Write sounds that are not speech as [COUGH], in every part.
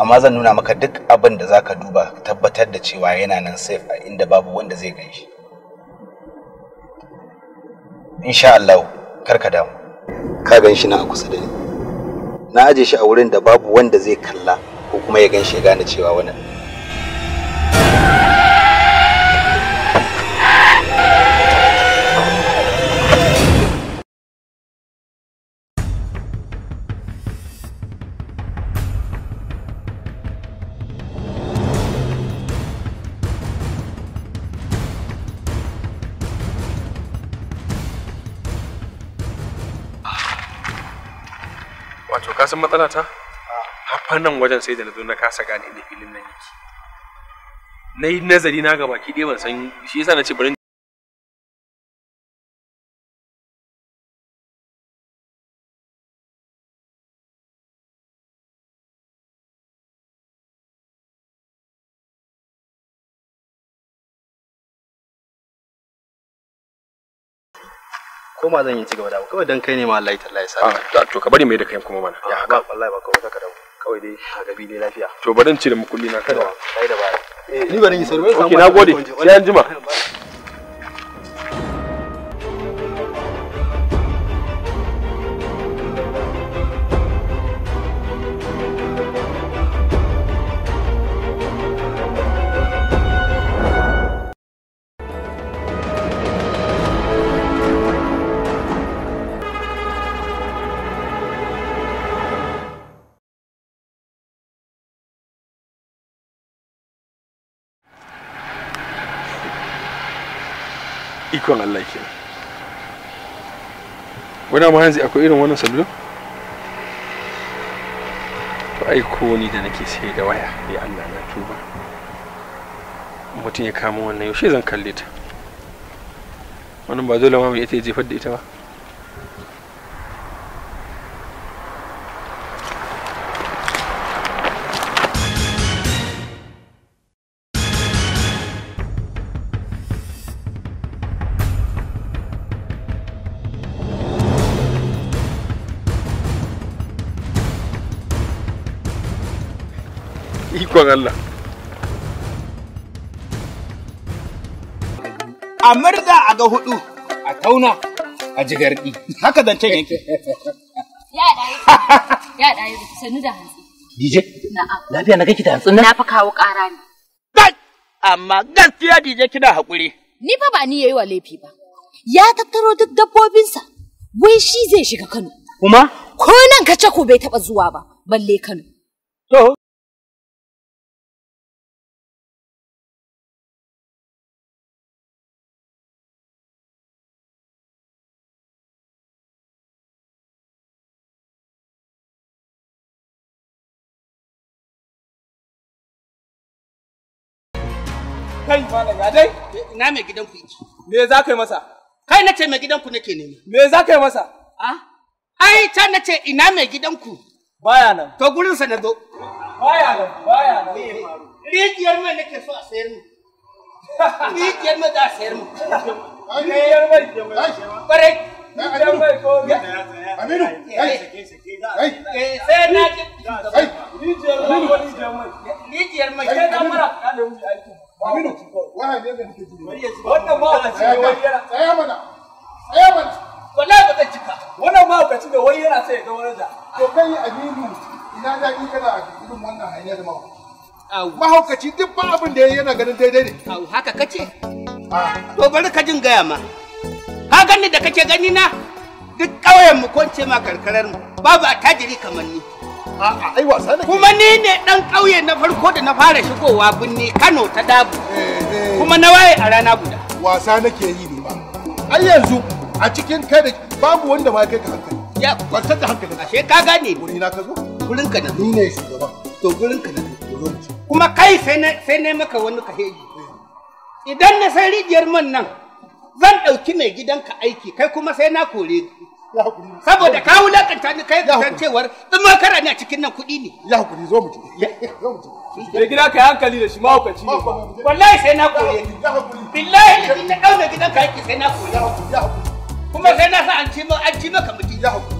amma zan nuna maka duk abin da zaka duba tabbatar da cewa yana nan safe a inda babu wanda zai gan shi insha Allah karka damu ka gan shi na a kusa da ni na aje shi a wurin da babu wanda zai kalla ko kuma ya gan shi ya gane cewa wannan san matsala ta hafa nan wajen sai da na zo na kasa gane inda filin nan yake na yi nazari na gaba ki ban san shi yasa na ce bari ko ma zan yi ci gaba da kawai dan kai ne ma Allah ya tallaye sa ah, to ka bari mai da kai kuma mana ya haka wallahi ba kawai ka kada kawai dai a gabi ne lafiya to barin da mukulli na kada kai da ba eh ni barin yi sai mai samu okay nagode sai an jima ikon Allah ke wani ma yanzu akwai irin wannan salula to ai ko ni da nake sai da waya ya Allah na tuba mutum ya kama wannan yaushe zan kalle ta wannan ba dole ma mai ita ya jefar da ita ba ikon Allah a murza a ga hudu a tauna a jigardi haka zancen yake ya dai ya dai sanu da hantsi DJ lafiya na kake da hantsin nan na fa kawo ƙara ne amma gaskiya DJ kina hakuri ni fa ba ni yayi wa laifi ba ya tattaro duk dabbobinsa wai shi zai shiga Kano kuma ko nan ka ce ko bai taɓa zuwa ba balle Kano to kai? Ya dai? Ina mai gidan ku yake. Me za kai masa? Kai nace mai gidan ku nake nema. Me za kai masa? A? Ai ta na ina mai gidan ku. Baya nan. To sa na zo. Baya nan, baya nan. Rijiyar mai nake so a sayar mu. [LAUGHS] Rijiyar mai da sayar mu. Rijiyar mai da mai. Aminu, ai, ai, ai, ai, ai, ai, ai, ai, ai, ai, ai, Wannan ma a cikin wani yana. Tsaya mana, tsaya mana. cika. Wannan ma cikin wani yana sai ya ga wani da. To kai Aminu, ina daɗi kana irin wannan hanyar ma. Mahaukaci duk ba abin da yana ganin daidai ne. Au, haka kace? To bari ka jin gaya ma. Ha gani da kake gani na? Duk ƙauyen mu ko ce ma karkarar mu babu attajiri kamar ni. a'a ai wasa ne kuma ni ne dan ƙauye na farko da na fara shigowa binni Kano ta Dabu eh, eh. kuma na waye a rana guda wasa nake yi ne ba ai yanzu a cikin kai da babu wanda ma kai ka hankali ya kwantar da hankali ashe ka gane wuri na ka zo gurin ka da. ni ne shugaba to gurin ka na kuma kai sai ne sai ne maka wani heji eh. idan na sai rijiyar man nan zan ɗauki mai gidanka aiki kai kuma sai na kore saboda ka wulakanta ni kai san cewar in ma kara ne a cikin nan kuɗi ne ya hakuri zo mu je [LAUGHS] gida kai hankali da shi ma hukaci ne wallahi sai na koye ni billahi ladin na dauna gidan ka yake sai na koye kuma sai na sa an ci an ci maka mutum ya hakuri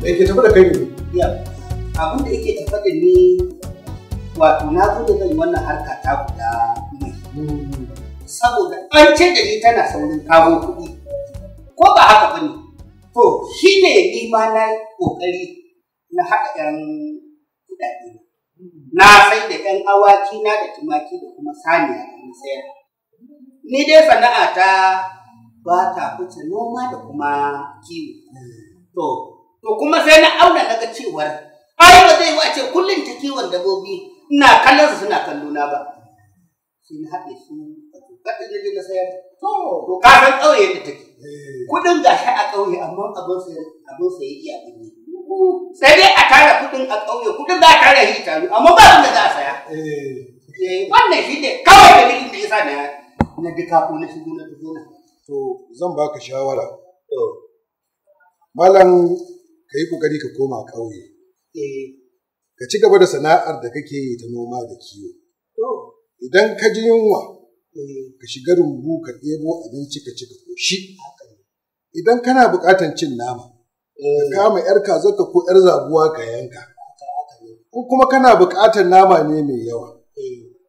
Me ke tafi da kai ne? biyar abin da yake tafa da ni wato na zo da zai wannan harka ta guda saboda an ce da ni tana saurin kawo kuɗi ko ba haka ba ne to shi ne ni ma na yi ƙoƙari na haɗa ɗan kuɗaɗe na sai da ɗan awaki na da tumaki da kuma saniya da na sayar ni dai sana'a ta ba ta fice noma da kuma kiwo to To kuma sai na auna daga cewar ai ba zai wace kullum ta kiwon dabobi ina kallon su suna kallo na ba. Sai na haɗe su a tukatun da na sayar. To ka san ƙauye da take. Eh. ga shi a ƙauye amma abin saye iya birni. Sai dai a tara kudin a ƙauye kudin za a tara shi taru amma ba wanda za a saya. Eh. Eh, wannan shi ne kawai dalilin da ya sa na na duka ko na shigo na tafi To zan baka shawara. Malam ka yi ƙoƙari ka koma ƙauye. Eh. Ka ci gaba da sana'ar da kake yi ta noma da kiwo. Idan ka ji yunwa, eh. ka shiga rumbu ka ɗebo abinci ka ci ka koshi. Idan kana buƙatar cin nama, ka eh. kama 'yar ka ko 'yar zabuwa ka yanka. Ko kuma kana buƙatar nama ne mai yawa,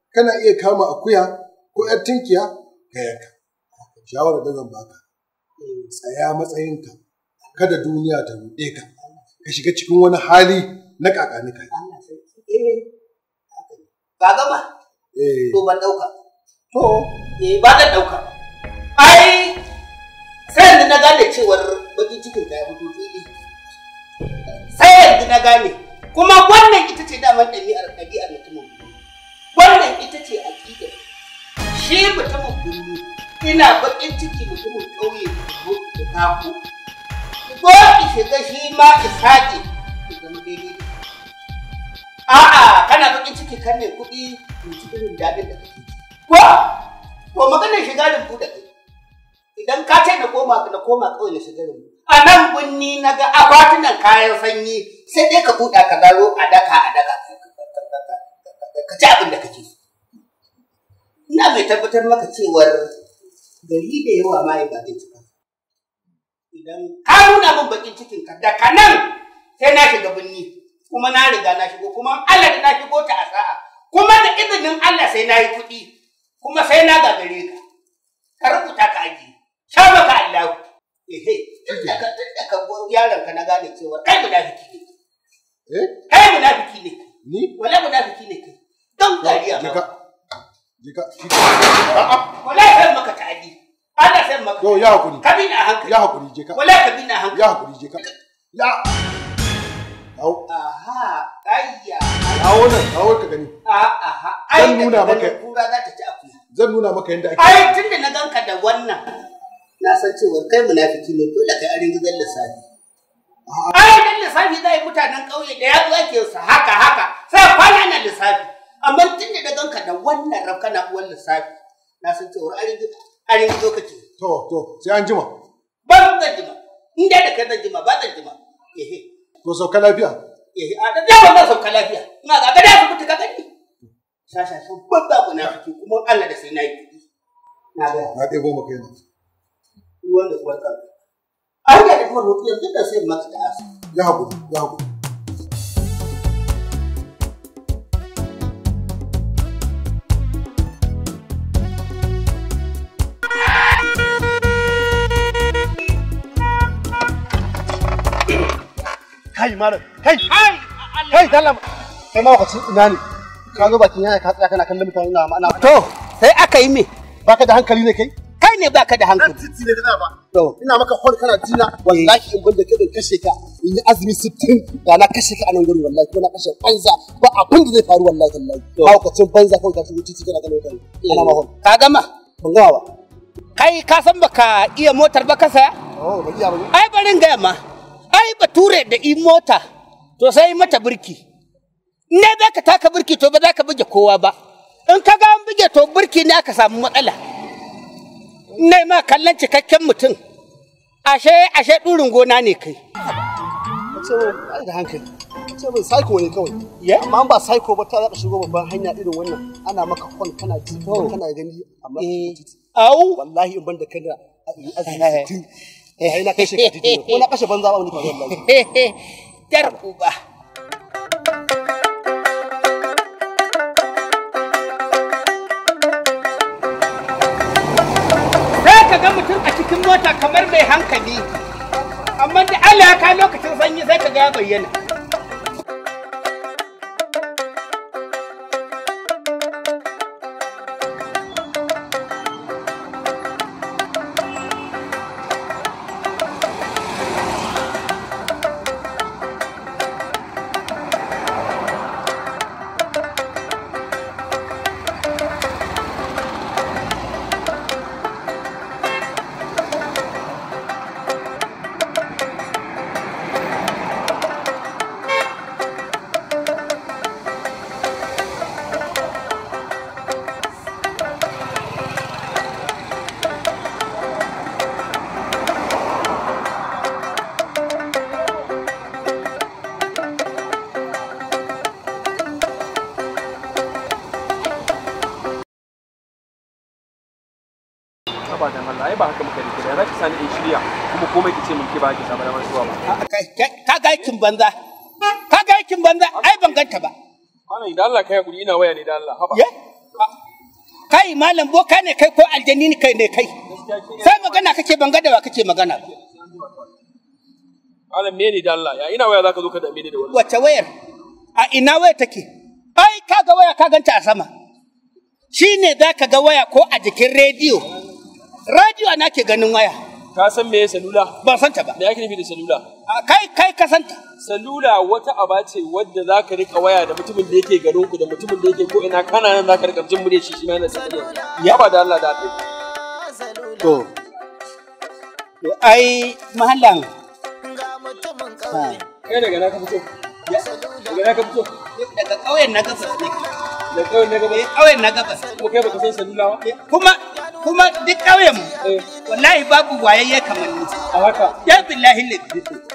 kana iya kama akuya ko 'yar tinkiya ka yanka. Shawarar da zan baka, tsaya matsayinka, kada duniya ta buɗe ka. ka shiga cikin wani hali na kakani kai. Eh, ka gama? Eh. To ban ɗauka. To? Eh ba na ɗauka. Ai sai yanzu na gane cewar bakin cikin ta ya fito fili. Sai yanzu na gane. Kuma wannan ita ce damar ɗabi'ar ɗabi'ar mutumin Wannan ita ce aƙidar. Shi mutumin birni ina bakin ciki mutumin ƙauye da tako. ko ki shiga shi ma ki sake ki zama daidai a'a kana bakin ciki kan mai kuɗi in ci irin daɗin da kake ko ko maganar shiga rumbu da kai idan ka ce na koma na koma kawai na shiga rumbu a nan kunni na ga akwatunan kayan sanyi sai dai ka buɗa ka gano a daka a daka ka ci abin da kake ina mai tabbatar maka cewar gari da yawa ma yi ba zai ci idan ka nuna min bakin cikin ka daga nan sai na shiga binni kuma na riga na shigo kuma Allah da na shigo ta a kuma da izinin Allah sai na yi kuɗi kuma sai na gagare ka ka rubuta ka aji sha maka Allah ehe tun da ka tun yaron ka na gane cewa kai munafiki ne eh kai munafiki ne ni wala munafiki ne kai don gariya ma jika jika a'a wala kai maka ta'adi ana san maka to ya hakuri ka bi na hankali ya hakuri je ka wallahi ka bi na hankali ya hakuri je ka ya Au. Aha, ayya. Kawo nan, kawo ka gani. Aha, ai zan nuna maka. Kura za ta ci a akuya. Zan nuna maka yadda ake. Ai tunda na ganka da wannan. Na san cewa kai munafiki ne dole kai arin gizan lissafi. Ai dan lissafi zai mutanen ƙauye da yazo ake su haka haka sai kwana na lissafi. Amma tunda na ganka da wannan rafkana uwan lissafi. Na san cewa arin gizan arin zo kake to to sai an jima ba zan jima in da ka zan jima ba zan jima ehe to sauka lafiya eh a da dama ba sauka lafiya ina ga gada ku tuka ka Sha sasha sun babba ku na fiki kuma Allah da sai nayi na ga na dai goma kai ne wanda kuwa kan an ga da kuma roƙi yanzu da sai maka da asu ya hakuri ya hakuri kai malam kai kai kai dalla kai ma wakacin ina ne ka zo bakin yana ka tsaya kana kallon mutane na ma'ana to sai aka yi me baka da hankali ne kai kai ne baka da hankali titi ne da ba to ina maka hor kana jina wallahi in banda kai kashe ka in yi azumi 60 da na kashe ka a nan gurin wallahi ko na kashe banza ba abin da zai faru wallahi wallahi haukacin banza kawai ka shigo titi kana kallon mutane eh. ana ma hor ka gama ban gama ba kai ka san baka iya motar ba ka saya? Oh, ba iya ba. Ai barin gaya ma. ai bature da in mota to sai mata birki ne da ka taka birki to ba za ka buge kowa ba in ka ga an buge to birki ne aka samu matsala ne ma kallon cikakken mutum ashe ashe ɗurin gona ne kai da hankali ce min psycho ne kawai amma ba psycho ba ta zaka shigo babban hanya irin wannan ana maka kon kana ji kana gani amma eh. au wallahi in ban da azumi [LAUGHS] eh ina kai shi ka titi ko na kashe banza ba wani faruwa wallahi [LAUGHS] tar uba ka ga mutum a cikin mota kamar mai hankali amma da Allah ka lokacin sanyi sai ka ga bayyana aikin banza ka ga aikin banza ai ban ganta ba mana idan Allah kai hakuri ina waya ne da Allah haba kai malam bo ka ne kai ko aljanni ne kai ne kai sai magana kake ban gada wa kake magana ba malam me ne idan Allah ya ina waya zaka zo ka dame ni da wannan wace wayar a ina waya take ai ga waya ka ganta a sama Shi ne za ka ga waya ko a jikin rediyo rediyo na ke ganin waya ka san me salula ba san ta ba me ake nufi da salula kai kai ka san ta salula wata aba ce wadda za ka rika waya da mutumin da yake garin ku da mutumin da yake ko ina kana nan za ka rika jin murya shi shi mai nasa ya ba da Allah da ta to to ai mahallan kai daga na ka fito daga na ka fito daga kauyen na gabas ne da kauyen na gabas kauyen eh, na gabas ko kai baka san salula ba eh, kuma kuma duk kauyen mu eh. wallahi babu wayayye kamar ni a haka ya billahi lillahi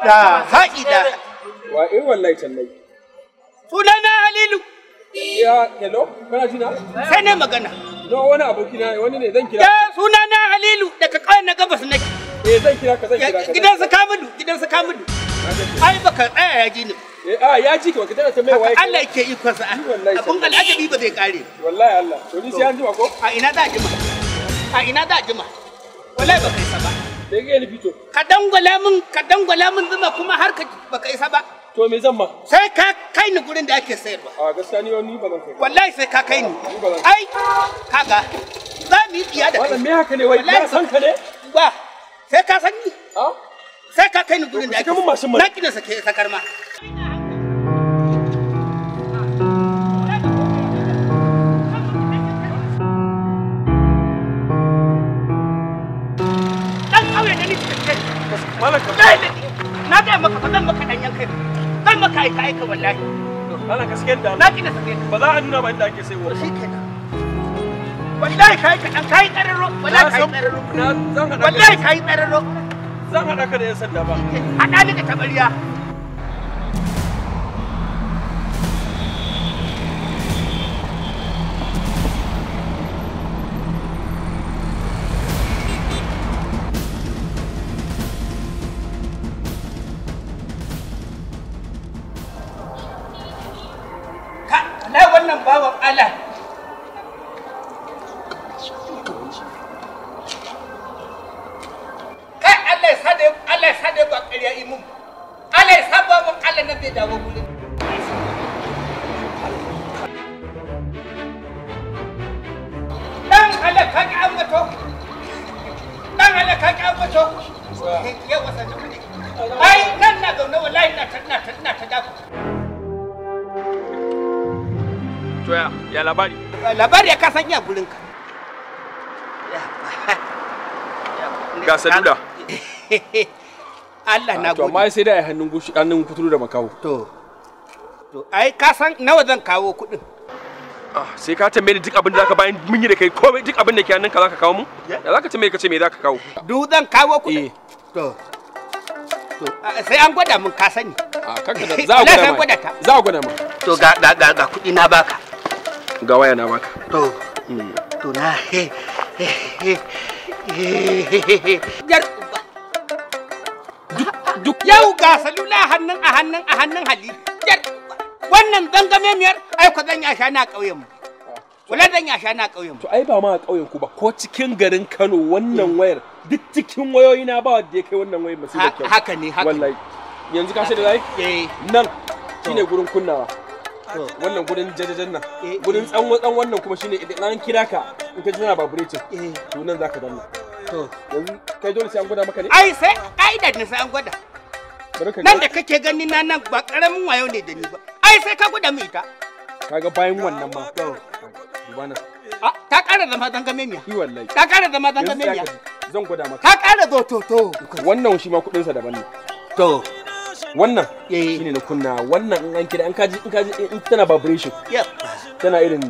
da ha'ida wa in eh, wallahi tallai sunana halilu ya hello kana jina sai ne magana no wani aboki na wani ne zan kira eh sunana halilu daga kauyen na gabas nake eh zan kira ka zan kira gidan su kamudu gidan su kamudu ai baka tsaya ya ji ni a eh, ah, ya ji ka tana ta mai waye Allah yake iko sa abun al'ajabi ba zai kare wallahi Allah to ni sai an jima ko a ina da jima a ina da jima wallahi ba kai sabai da ya ni fito ka dangwala min ka dangwala min zuma kuma har ka baka isa ba to me zan ma sai ka kai ni gurin da ake sayarwa a gaskiya ni ni ba zan kai wallahi sai ka kai ni ai kaga za mu yi tsiya da kai wannan me haka ne wai ba san ka ne ba sai ka san ni sai ka kai ni gurin da ake na kina sake sakar ma na ga maka fa zan maka danyen kai zan maka aika aika wallahi Allah gaskiyar da na kina sake ba za a nuna ba inda ake saiwa shi kenan wallahi kai ka dan kai tsararo wallahi kai tsararo wallahi kai zan hada ka da yan sanda ba hada ni da tabariya hanya gurinka ga salula Allah na ah, gode. To mai sai da ai hannun gushi hannun kuturu da makawo. To. To ai ka san nawa zan kawo kuɗin. Ah sai ka tambaye ni duk abin da zaka bayan mun yi da kai komai duk abin da ke hannunka zaka kawo mu? Ya zaka tambaye ka ce me zaka kawo? Du zan kawo kuɗin. Eh. To. To sai an gwada mun ka sani. Ah kanka [LAUGHS] da za a gwada ma. Za a gwada ma. To ga da da kuɗi na baka. Ga waya na baka. To. Tuna. Yar uba. Duk yau ga salula a hannun a hannun a hannun Halil. Yar wannan Wannan zangamemiyar ai ku zan yasha na ƙauyen mu. Kula zan yasha na ƙauyen mu. To ai ba ma a ƙauyen ku ba ko cikin garin Kano wannan mm. wayar duk cikin wayoyi na ba wanda ya kai wannan wayar masu da kyau. Haka ne haka. Wallahi. Yanzu ka sai da zai? Eh. Nan shine gurin kunnawa. wannan gudun jajajen nan eh, eh. gudun tsan wannan kuma shine idan an kira ka in ka ji tana vibrating eh. to nan zaka danna to yanzu kai dole sai an gwada maka ne ai sai kaidar ne sai an gwada nan da kake gani na nan ba karamin wayo ne da ni ba ai sai ka gwada mai ta kaga bayan wannan ma duba nan ta kara zama dangame miya yi wallahi ta kara zama dangame miya zan gwada maka ta kara zo to to wannan shi ma kudin sa daban ne to wannan eh. shine na kunna wannan in an kira an kaji in kaji in tana vibration tana irin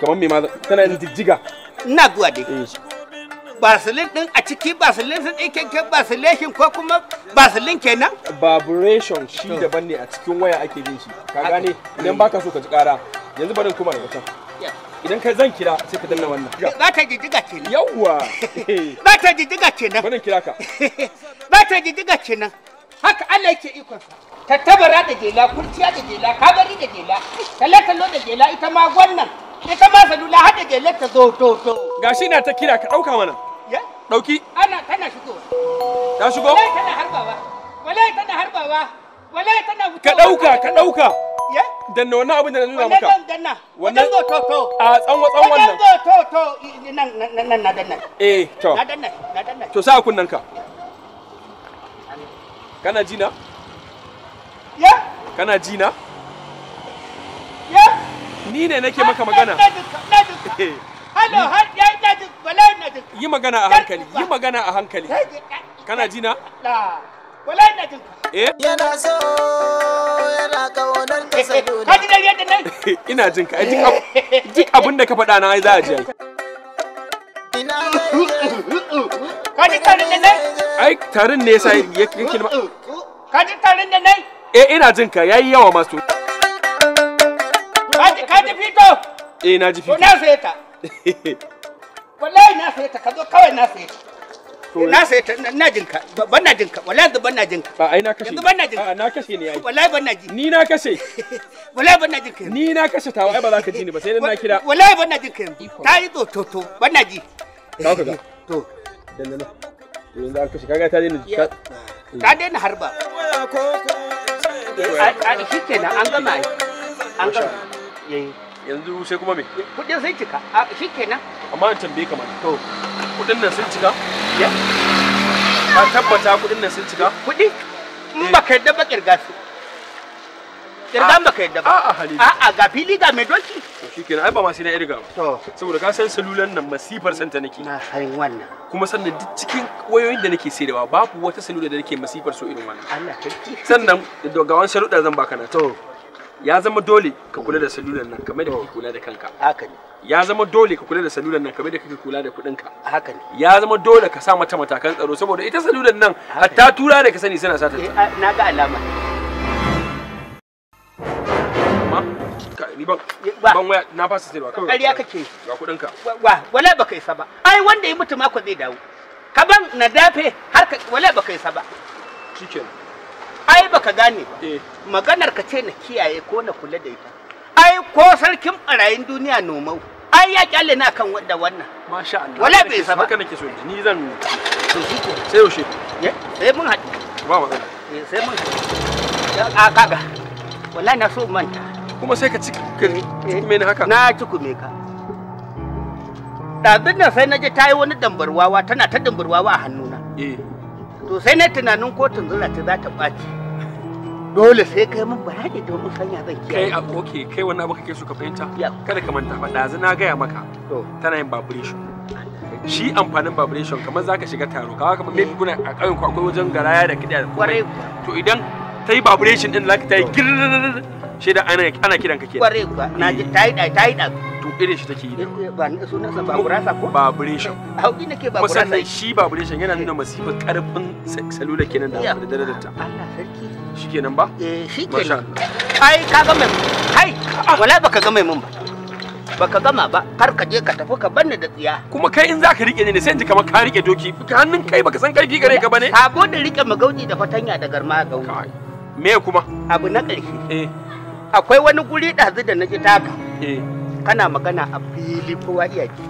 kamar me ma tana irin jijjiga ina zuwa dai basilin eh. din a ciki basilin sun ɗin kyanke basilation ko kuma basilin kenan? vibration shi daban ne a cikin waya ake jin shi ka gane idan mm. baka so ka ji ƙara yanzu barin kuma da can idan ka zan kira sai ka danna wannan za ta jijjiga kenan yawwa [LAUGHS] za ta jijjiga kenan barin kira ka [LAUGHS] za ta jijjiga kenan haka Allah yake ikon tattabara da jela kurciya da jela kabari da jela talatalo da jela ita ma wannan ita ma salula har da jela ta zo to to gashi na ta kira ka dauka mana ya dauki ana tana shigo ta shigo wallahi tana harbawa wallahi tana harbawa wallahi tana ka dauka ka dauka ya nan wannan abin da na nuna maka wannan danna wannan zo to to a tsanwa tsanwan wannan zo to to nan nan na nan eh to na nan na nan to sa kunnan ka kana ji Yeah. kana ji Yeah. ni ne nake maka magana Hello, [LAUGHS] har ya na duk, wallahi na duk. Yi magana a hankali, yi magana a hankali. Kana ji La. Wallahi na duk. Eh? Yana so, yana kaunar ta [LAUGHS] sadona. Kaji da yadda nan? [LAUGHS] Ina jin ka, duk abin da ka faɗa na ai za a ji ai. Ka ji kaunar nan? ai tarin ne yasa yake ma ka ji tarin da nai eh ina jin ka yayi yawa ma so ka ji fito eh na ji fito na sai ta [LAUGHS] wallahi na sai ta ka zo kawai na sai ta na sai ta na jin ka ban na jin ka wallahi ban na jin ka a ai na kashe yanzu ban na jin ka na kashe ne ai wallahi ban na ji ni na kashe [LAUGHS] wallahi ban na jin ka ni na kashe ta wai ba za ka ji ni ba sai dan na kira wallahi ban na jin ka ta yi to to to ban na ji ka ka [LAUGHS] to dan nan yanzu an kashe kaga ta daina ta daina harba eh, shi kenan an gama an gama yanzu sai kuma me kudin sun cika shi kenan amma an tambaye kamar to kudin nan sun cika ka tabbata kudin nan sun cika kudi in ba yadda ba su kirgan baka yadda ba a'a hali a'a ga fili ga mai doki to shikenan ai ba ma sai na irga ba to saboda ka san salulan nan masifar santa nake na san wannan kuma sannan duk cikin wayoyin da nake sayarwa babu wata salula da nake masifar so irin wannan Allah sarki sannan ga wani sharuɗa zan baka na to ya zama dole ka kula da salulan nan kamar da kake kula da kanka haka ne ya zama dole ka kula da salulan nan kamar da kake kula da kuɗinka haka ne ya zama dole ka sa mata matakan tsaro saboda ita salulan nan hatta tura da ka sani suna sata eh, na ga alama ni ban ban waya na fasa kawai ƙarya kake ga kuɗin ka wa wala baka isa ba ai wanda ya mutu mako zai dawo ka ban na dafe har ka wala baka isa ba shikenan ai baka gane ba eh. maganar ka ce na kiyaye ko na kula da ita ai ko sarkin barayin duniya nomau ai ya na kan wannan masha bai isa kuma sai ka ka me ni haka na cikume ka ɗazun nan sai na je ta yi wani dambarwawa tana ta dambarwawa a hannuna eh. to sai na tunanin kotun zura ta za ta ɓaci dole sai kai mun bayani domin sanya zan kiyaye kai oke kai wannan abu kake so ka fahimta kada ka manta ba ɗazu na gaya maka tana yin vibration shi amfanin vibration kamar za ka shiga taro kawa kamar maybe kuna a ƙauyen ku akwai wajen garaya da kiɗa to idan ta yi vibration din za ka ta yi shaida ana ana kiran ka kenan kware kuwa na ji tai dai tai da to irin shi take yi eh, eh, ba ni sunan sa baburasa ko baburation [LAUGHS] hauki nake sa musamman shi babure shi yana nuna masifa karfin salula kenan da da da Allah sarki shi kenan ba eh shi kenan masha Allah ai ka ga mai kai ah. wallahi baka ga mai mun ba baka gama ba kar ka je ka tafi ka banni da tsiya kuma kai in zaka rike ne ne sai in ji kamar ka rike doki hannun kai baka san karfi gare ka bane sabo da rike magauni da fatanya da garma gauni me kuma abu na ƙarshe eh akwai wani guri ɗazu da na ji taka eh. kana magana a fili kowa iya ji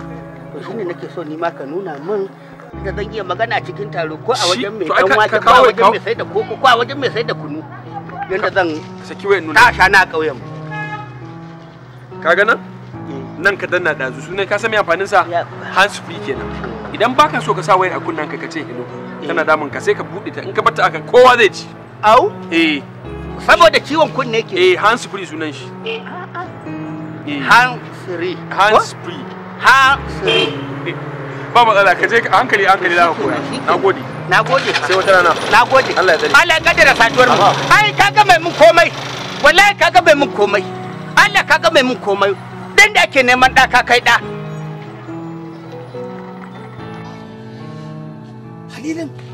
to shine nake so nima ka nuna min da zan iya magana cikin taro ko a wajen mai dan wake ko a wajen mai saida da koko ko a wajen mai saida kunu yanda zan saki wayan nuna tasha na ƙauyen ka ga nan eh. nan ka danna dazu su ne ka san me amfanin sa hands free kenan idan baka so ka sa wayar a kunnan ka ka ce hello eh. tana damun ka sai ka bude ta in ka bar ta aka kowa zai ci au eh saboda ciwon kunne ke eh hands free sunan shi hands eh. free hands free hands free eh, ba matsala ka je hankali hankali za ka koya nagode nagode sai wata rana nagode Allah ya tsare Allah ya kaddara saduwar mu ai kaga mai mun komai wallahi kaga mai mun komai Allah kaga mai mun komai dan da ake neman da ka kai da Halilin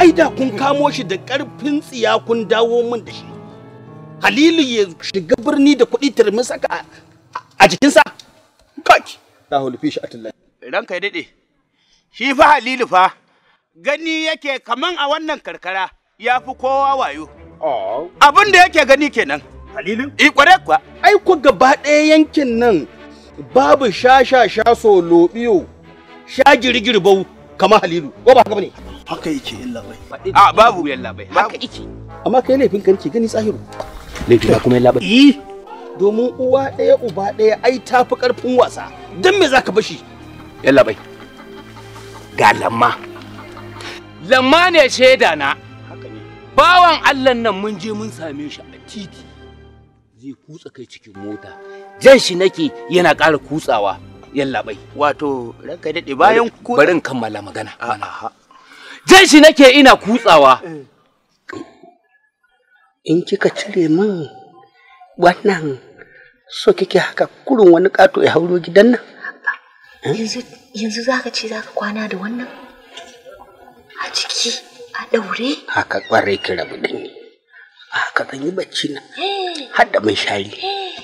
ai da kun kamo shi da ƙarfin tsiya kun dawo min da shi halilu ya shiga birni da kuɗi turmin saka a jikinsa kaki ta hulfi shi a tullahi ranka ya daɗe shi fa halilu fa gani yake kaman a wannan karkara ya fi kowa wayo oh. abin da yake gani kenan halilu i eh, kware kuwa ai ku gaba ɗaya yankin nan babu sha sha sha solobiyo sha girgirbau kamar halilu ko ba haka bane haka yake illa bai a babu yalla bai haka yake amma kai laifin kan gani tsahiru laifin kuma yalla bai domin uwa ɗaya uba ɗaya ai ta fi ƙarfin wasa don me zaka bashi yalla bai ga lamma lamma ne shaida na bawan Allah nan mun je mun same shi a titi zai kutsa kai cikin mota jan shi nake yana ƙara kutsawa yallaɓai wato ranka daɗe bayan barin kammala magana jan shi nake ina kutsawa in kika cire min wannan so kike haka kurun wani kato ya hauro gidan nan yanzu za ka ce za ka kwana da wannan a ciki a daure haka kwarai ki rabu da ni haka zan yi bacci na har da mun shari eh,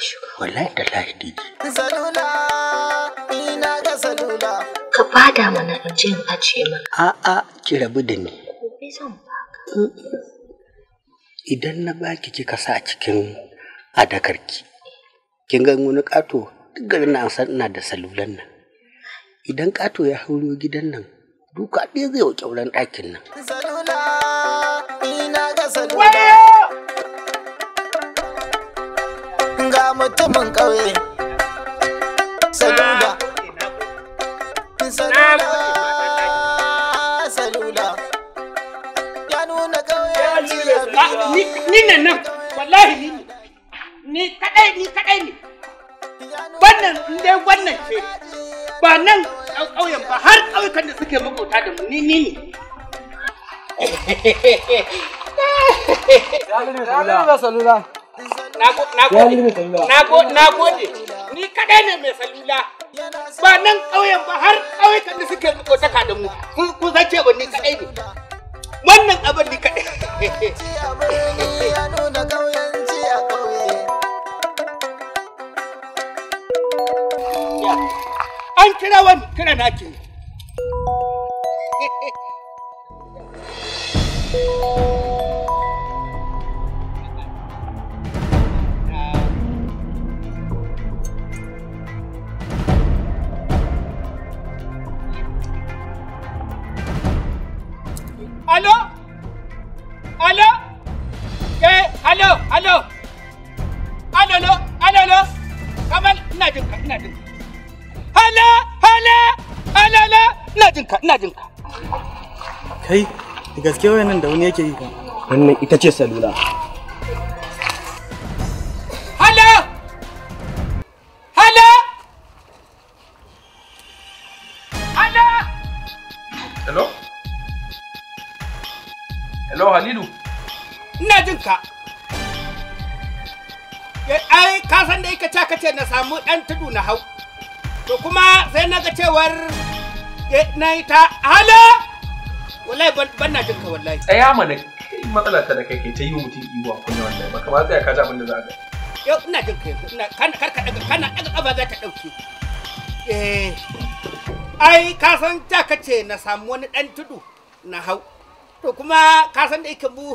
eh, wallahi da lahidi ka bada mana in je in ajiye maka a'a ki rabu da ni gobe zan baka idan na baki kika sa cikin adakarki kin ga wani kato duk garin na san ina da salulan nan idan kato ya hauro gidan nan duka ɗaya zai wa kyauran ɗakin nan ga mutumin ƙauye Ah, ni ne nan wallahi ni ne ni kadai ni kadai ne wannan dai wannan ce ba nan ƙauyen ba har ƙauyukan da suke makauta da mu ni ni ne salula Na gode. Ni kadai ne mai salula. Ba nan ƙauyen ba har ƙauyukan da suke makotaka da mu. Kun ce ba ni kadai ne. Wannan abin ni kadai. [LAUGHS] An kira wani kira na ke. [LAUGHS] Alo? Alo? Ke, eh, alo, alo. Alo, alo, alo, alo. Kamal, ina jin ka, ina jin ka. Hala, hala, alo, hala. Ina jin ka, ina jin ka. Kai, da gaske wayannan da wani yake yi ka. Wannan ita ce salula. samu ɗan tudu na hau to kuma sai na ga cewar eh, na yi ta hala wallahi ban na jinka wallahi tsaya mana kai matsala ta da kake ta yi mutum iwa kunya wallahi ba kamar tsaya ka ji abin da za ka yau ina jinka ina kan karka daga kana daga kaba za ta dauke eh ai ka san ta kace na samu wani ɗan tudu na hau to kuma ka san da yake mu [LAUGHS]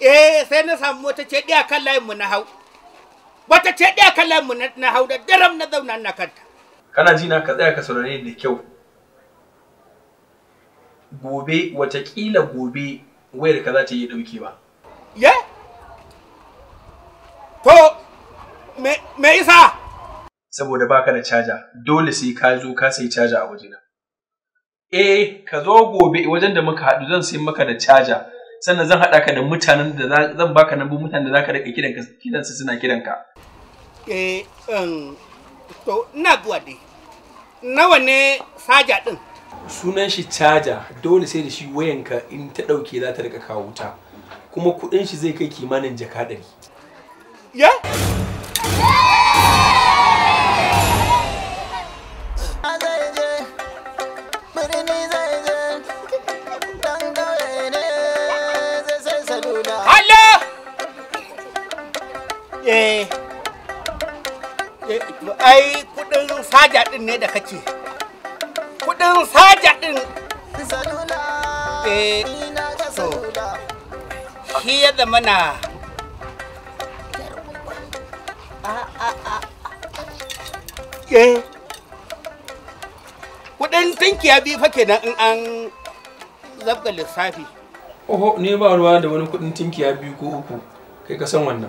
eh sai na samu wata ce ɗiya kan layinmu na hau wata ce ɗaya kallon mu na hau da daram na zauna na kanta kana ji na ka tsaya ka saurare da kyau gobe wataƙila gobe wayar ka za ta iya ɗauke ba ye to me me isa saboda baka da caja dole sai ka zo ka sai caja a wajena eh ka zo gobe wajen da muka haɗu zan sai maka da caja sannan zan haɗa ka da mutanen da zan baka nan bu mutanen da zaka rika kiran ka kiran su suna kiran ka eh um to ina zuwa dai nawa ne saja din sunan shi caja dole sai da shi wayanka in ta dauke za ta rika kawo wuta kuma kudin shi zai kai kimanin jaka ɗari ya yeah? saja din ne da kake kudin saja din eh to shi ya zama na eh kudin tinkiya biyu fa kenan in an zabga lissafi oho ne ba ruwa da wani kudin tinkiya biyu ko uku kai ka san wannan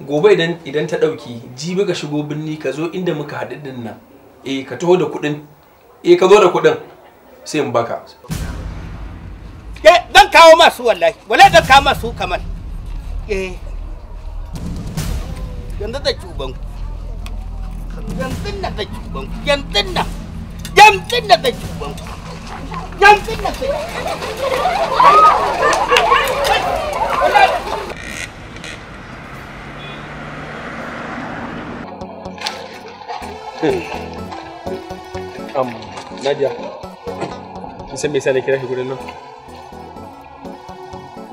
gobe idan ta dauki jibi ka shigo binni ka zo inda muka haɗu din nan eh ka taho da kuɗin eh ka zo da kuɗin sai in baka eh dan kawo masu wallahi wallahi dan kawo masu kamar eh yanzu da cuban yanzu na da cuban yanzu na na da cuban yanzu na Hmm. am Nadia kin san me yasa na kira ki gurin nan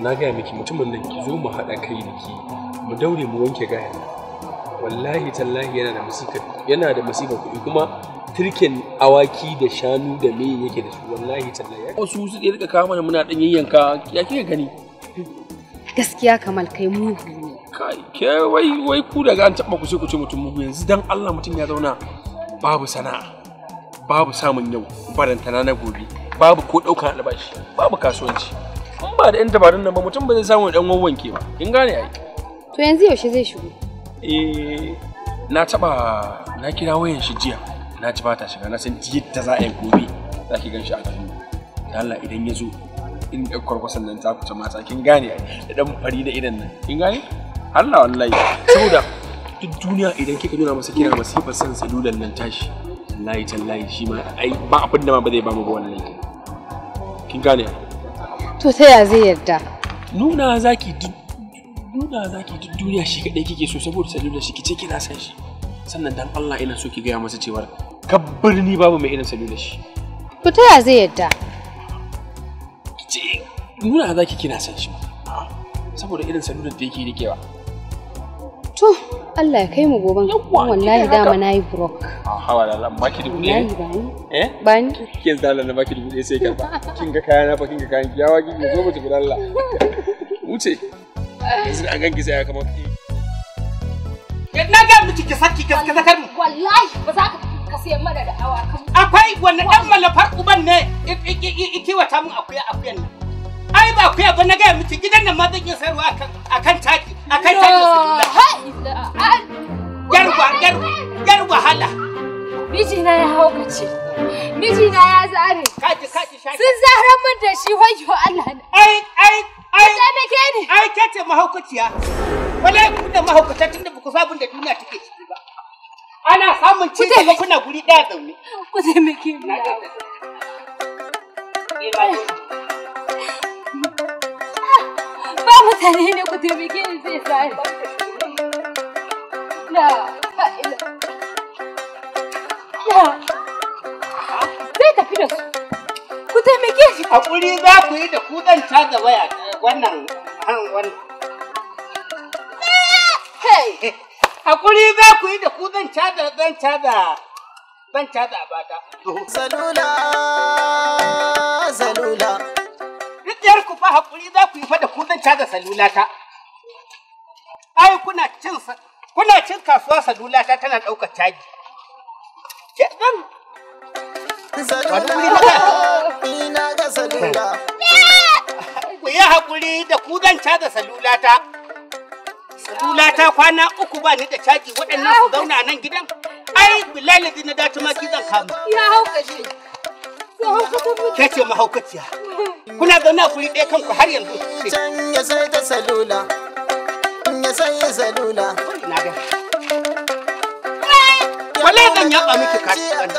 na gaya miki mutumin nan ki zo mu haɗa kai da ki mu daure mu wanke gaya wallahi tallahi yana da masifar yana da masifar kuɗi kuma turken awaki da shanu da me yake da su wallahi tallahi wasu suke rika kama da muna ɗan yayyanka ya kika gani gaskiya kamal kai mugu ne kai ke wai wai ku daga an taɓa ku sai ku ce mutum yanzu dan Allah mutum ya zauna babu sana'a babu samun yau barantana na gobe babu ko ɗaukar albashi babu kasuwanci in ba da 'yan dabarun nan ba mutum ba zai samu ɗan wanwanke ba kin gane ai to yanzu yaushe zai shigo eh na taba na kira wayan shi jiya na ji bata shiga na san yadda za a yi gobe za ki gan shi a garin Allah idan ya zo in ɗan kwarkwasan nan ta kuce mata kin gane ai da ɗan fari da irin nan kin gane Allah wallahi saboda duk duniya idan kika nuna masa kira masifar san salulan nan tashi tallahi tallahi shi ma ai ba abin da ma ba zai ba mu ba wallahi kin gane to sai ya zai yarda nuna zaki nuna zaki duk duniya shi kadai kike so saboda salula shi kice kina san shi sannan dan Allah ina so ki ga masa cewa ni babu mai irin sabila shi to ta ya zai yarda kice nuna zaki kina san shi saboda irin salular da yake rikewa To, Allah ya kai mu goban. Wallahi dama na yi brok. Ah, hawa da Allah, baki dubu ne Wallahi bani. Eh? Bani. Kin da Allah na baki dubu ne sai karba. Kin ga kaya na fa kin ga kayan kiyawa kin zo mutu tafi Allah. Wuce. Yanzu an ganki sai ya kama. Eh, na ga mutu ki saki ka ka zakar mu. Wallahi ba za ka ka sai mana da hawa kan. Akwai wannan dan malafar uban ne ikiwata mun akuya akuyan nan. Ai ba akuya ba na ga mutu gidan nan ma zan yi sayarwa akan akan taki. akan ta yarwa yarwa yarwa hala mijina ya haukace mijina ya zare kaji kaji shaki sun zaran mun da shi wayo Allah ai ai ai taimake ni ai kace mahaukaciya wallahi kun da mahaukata tunda ba ku sabun da duniya take ciki ba ana samun ci gaba kuna guri daya zaune ku ni ba mutane ne ku taimake ni zai sai. Na, Ya, zai tafi da su. Ku taimake shi. Hakuri za ku yi da ku ta caza waya wannan han wannan. Hakuri za ku yi da ku zan caza zan caza zan caza da bata. zalula zalula diyar ku fa hakuri za ku yi fa da ku zan caza salula ai kuna cin kuna cin kasuwa salulata tana daukar caji zan ku yi hakuri da ku zan caza Salulata Salulata kwana uku ba ni da caji waɗannan su zauna nan gidan ai bilalazi na dace maki zan kama ya hauka shi Ke mahaukaciya. Kuna zaune ku yi ɗaya kanku har yanzu. Can ya sai ta salula. Ya sai salula. Na ga. Wala zan yaɓa miki kaɗan.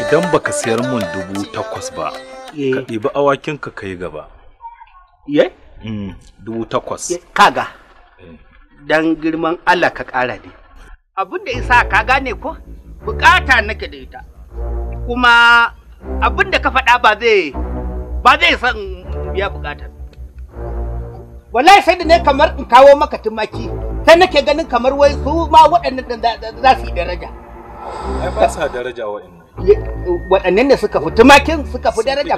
Idan baka siyar mun dubu takwas ba, eh. ka ɗibi awakin ka kai gaba. Ye? Mm, dubu takwas. Kaga. Dan girman Allah ka ƙara ne. Abin da isa ka gane ko? Bukata nake da ita. Kuma abin da ka faɗa ba zai ba zai san ya bukata wallahi sai da ne kamar in kawo maka tumaki sai nake ganin kamar wai su ma waɗannan za su yi daraja ai ba sa daraja waɗannan waɗannan ne suka fi tumakin suka fi daraja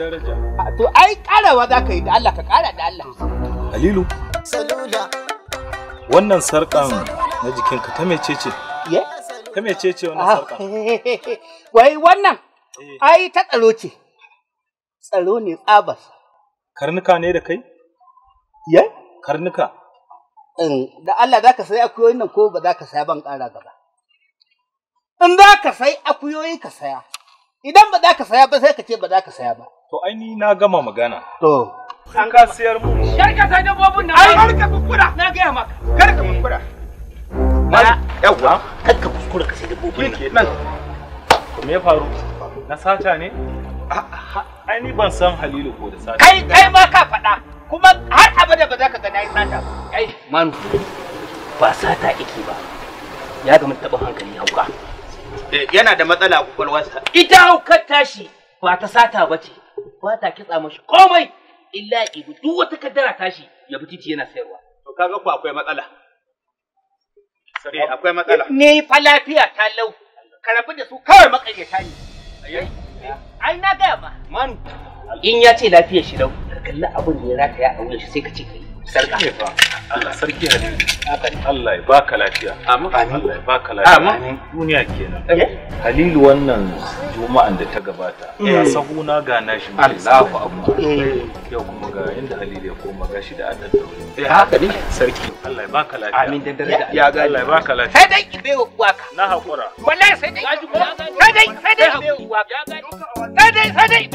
to ai karawa za ka yi da Allah ka kara da Allah Halilu wannan sarkan na jikinka ta mecece? ta mecece wannan ah, sarkan [LAUGHS] wai wannan Eh. ai ta tsaro ce, tsaro ne tsabas. Karnuka ne da kai? Ya? Karnuka. In Da Allah za ka sai akuyoyin nan ko ba za ka saya ban ƙara gaba. In za ka sai akuyoyi ka saya, idan ba za ka saya ba sai ka ce ba za ka saya ba. To aini na gama magana. To. An ka siyar mu. Kar ka sai dabbobin nan. Ai kar ka kuskura. Na gaya maka. Kar ka kuskura. Ma yawwa kar ka kuskura ka sai dabbobin nan. Me ya faru? Na sata ne? Ai ni ban san Halilu ko da sata. Kai kai ma ka faɗa kuma har abada ba za ka gani nayi sata. Kai manu ba sata yake ba. Ya ga taɓa hankali hauka. Eh, yana da matsala a kwakwalwarsa. Ita haukar tashi ba ta sata ba ce. Ba ta kitsa mashi komai illa ibu duk wata kaddara tashi ya bi titi yana sayarwa. To kaga ku akwai matsala. Sare eh, akwai matsala. Ne fa lafiya ta lau. Ka rabu da su kawai maƙaryata ne. Ai na gaya ma. Manu. In ya ce lafiyar shi lau, kalla kalli abin da ya rataya a wuyan shi sai ka ce kai. sarki fa Allah sarki amin halilu wannan juma'an da ta gabata ya sahuna ga nashi Allahu akbar yau kuma ga inda halilu ya koma da eh sarki amin da daraja ya ga Allah lafiya sai dai na hakura wallahi sai dai sai dai sai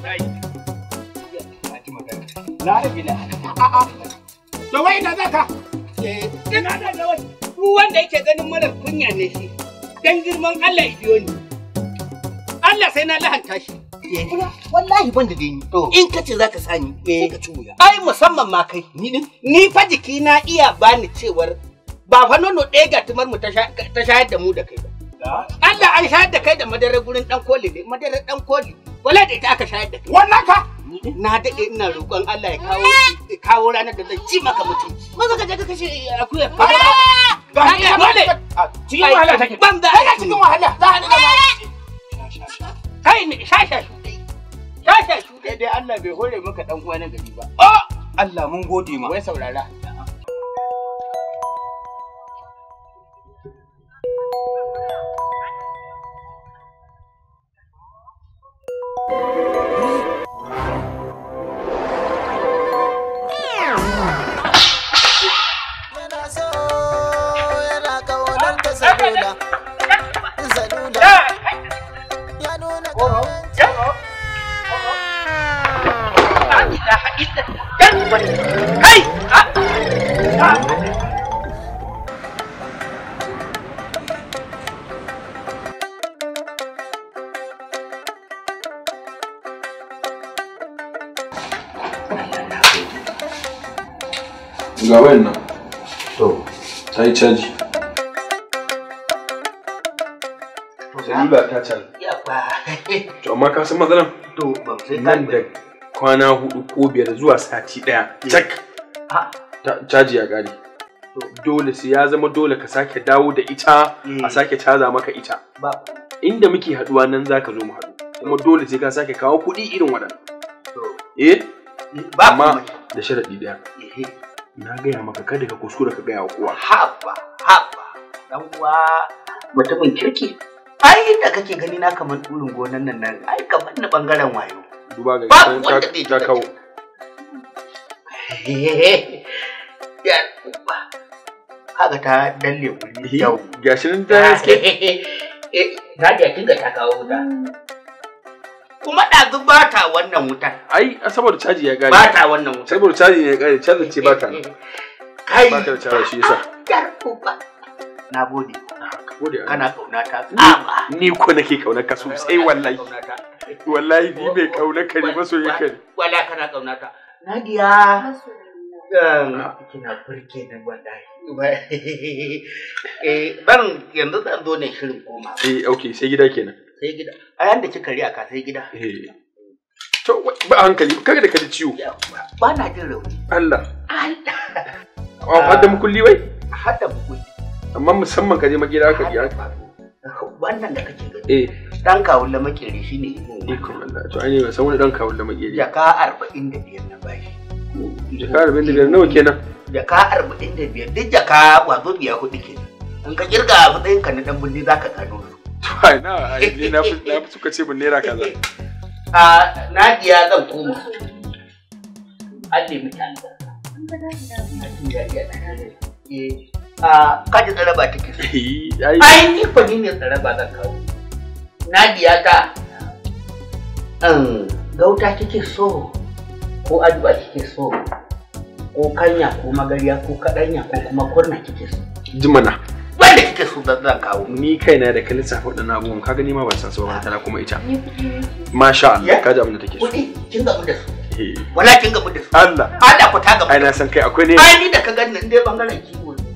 dai Na da bila. A'a. To wai da zaka? Eh, ina da da wani. Duk wanda yake ganin mara kunya ne shi. Dan girman Allah biyo ni. Allah sai na lahanta shi. Eh. Wallahi ban da dai In ka ce zaka sani, eh. sai ka ci wuya. Ai musamman ma kai. Ni din? Ni fa jiki na iya bani cewar ba fa nono ɗaya ga tumar ta shayar da mu da kai ba. Allah an shayar da kai da madarar gurin ɗan koli ne, madarar ɗan koli. Wala da ita aka shayar da kai. Wannan ka? na daɗe ina roƙon Allah ya kawo kawo ranar da cikin wahala take ban da cikin wahala za a kai ne dai Allah bai hore maka dan uwa na gari ba oh! Allah mun gode ma wai saurara Thank you. salula salula ya nuna kai ga to ta yi caji tura ta can. Yabba. [LAUGHS] To amma ka san matsalan? To ba sai ka da kwana hudu ko biyar zuwa sati daya. Eh. Cak. Caji ya gari. Dole sai ya zama dole ka sake dawo da ita eh. a sake caza maka ita. Ba. Inda muke haduwa nan zaka zo mu haɗu. Kuma dole sai ka sake kawo kuɗi irin waɗannan. Eh? eh? Ba amma da sharaɗi daya. Na gaya maka kada ka kuskura ka gaya wa kowa. Haba, haba. Dan uwa mutumin kirki. ai da kake gani na kamar turin gonan nan nan ai kamar na bangaren wayo duba ga ba wanda bai ta kawo [LAUGHS] ya haka ta dalle kulli yau gashi nan ta [LAUGHS] haske eh, na da kinga ta kawo wuta kuma ɗazu ba ta wannan wutar. Ai, saboda caji ya gane. Ba ta wannan wutar. Saboda caji ya gane, caji ce ba ta [LAUGHS] Kai. Ba ta da caji shi yasa. Na gode. kana kauna ta tsama. ni ko nake kauna ka sosai wallahi wallahi ni mai kauna ka ne masoyin ka ne wallahi kana kauna ta nadiya kina furke nan wallahi eh, ban yanzu zan zo ne shirin koma eh sai gida kenan sai gida a kika riya ka sai gida eh. to ba hankali kaga da ciwo ba na jin rauni Allah Allah oh, hadda mukulli wai hadda mukulli amma musamman ka je magida ka biya wannan da kake gani eh dan kawun da makere shine ne eh Allah to ai ba san wani dan kawun la makere jaka 45 na bashi jaka 45 nawa kenan jaka 45 duk jaka wato biya hudu kenan in ka kirga a matsayin ka na dan bundi zaka gano [LAUGHS] to ai na ai na na suka ce mun naira kaza [LAUGHS] a na biya zan koma Allah mutane eh Ah, kaji tsaraba take so [LAUGHS] ai ni fa ni ne tsaraba zan kawo nadiya ta um, gauta kike so ko aduba kike so ko kanya ko magarya ko kadanya ko kuma kurna kike so jimana wanda kike so zan kawo ni kaina da kalin safa wadannan abubuwan kaga ni ma ban san sauran tana kuma ita masha Allah kaji abin da take so kin mun da su eh. wala kin mun da su Allah Allah ku ta gamu ai na san kai akwai ne ai ni da ka ganin dai bangaren kiwo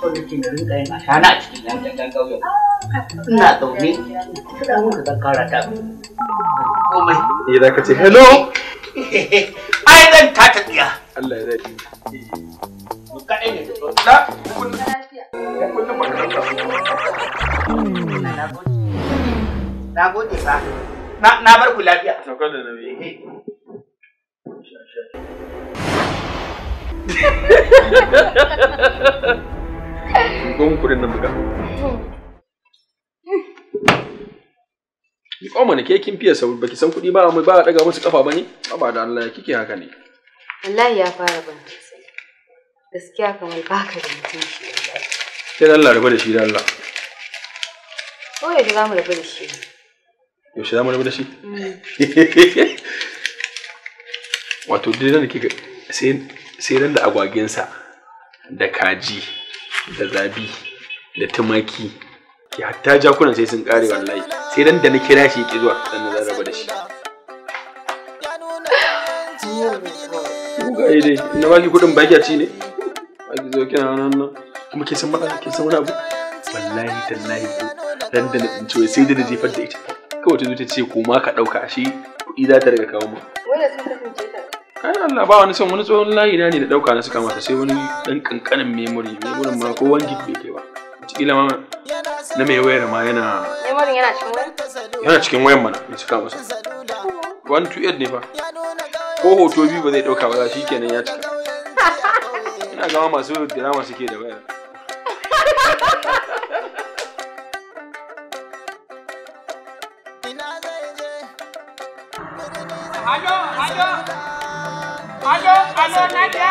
kwamitin rinka yin ashana a cikin yankin dan ƙauyen ina zaune kiɗa muka zan kara ta komai eh za ka ce hello ai dan ta ta tsiya Allah ya daɗi mu kaɗai ne da kullum kullum ba ka na gode fa na bar ku lafiya saukar da nauyi Ha ha ha ha ha! Gon kuɗin nan buga. Ni koma ne ke kin fiye sauri baki san kuɗi ba mai ba daga musu kafa bane? Ba da Allah kike haka ne. Wallahi ya fara ban Gaskiya kamar baka da mutunci wallahi. Sai Allah rabu da shi da Allah. Ko yaushe za mu rabu da shi? Yaushe za mu rabu da shi? Hmm. [LAUGHS] Wato dai da kika sai sai da agwagensa da kaji. da zabi da tumaki ya hatta jakunan sai sun kare wallahi sai dan da na kira shi yake zuwa dan na raba da shi mugaye dai na baki kudin baki a ci ne baki zo kina nan nan kuma ke san matsala ke san wani abu wallahi tallahi ko dan da na tsinci sai da na jefar da ita kawai ta zo ta ce ko ma ka dauka shi kuɗi za ta riga kawo mu sai ta kasance ta kai Allah ba wani son wani tsohon layi na ne da dauka na suka masa sai wani dan kankanin memory gurin ma ko wani gibbe bai kai ba cikin ma na mai wayar ma yana memory yana cikin wayar yana cikin wayar mana ne suka masa 128 ne fa ko hoto biyu ba zai dauka ba za shi kenan ya cika ina gama masu drama suke da wayar Ayo, ayo. Alo, Nadia.